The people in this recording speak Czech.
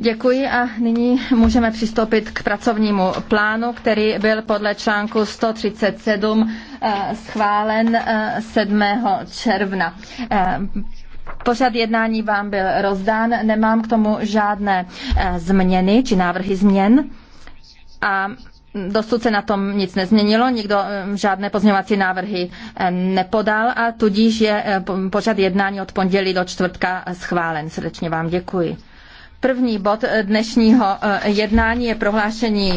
Děkuji a nyní můžeme přistoupit k pracovnímu plánu, který byl podle článku 137 eh, schválen 7. Eh, června. Eh, pořad jednání vám byl rozdán, nemám k tomu žádné změny či návrhy změn. A Dosud se na tom nic nezměnilo, nikdo žádné pozměňovací návrhy nepodal a tudíž je pořad jednání od pondělí do čtvrtka schválen. Srdečně vám děkuji. První bod dnešního eh, jednání je prohlášení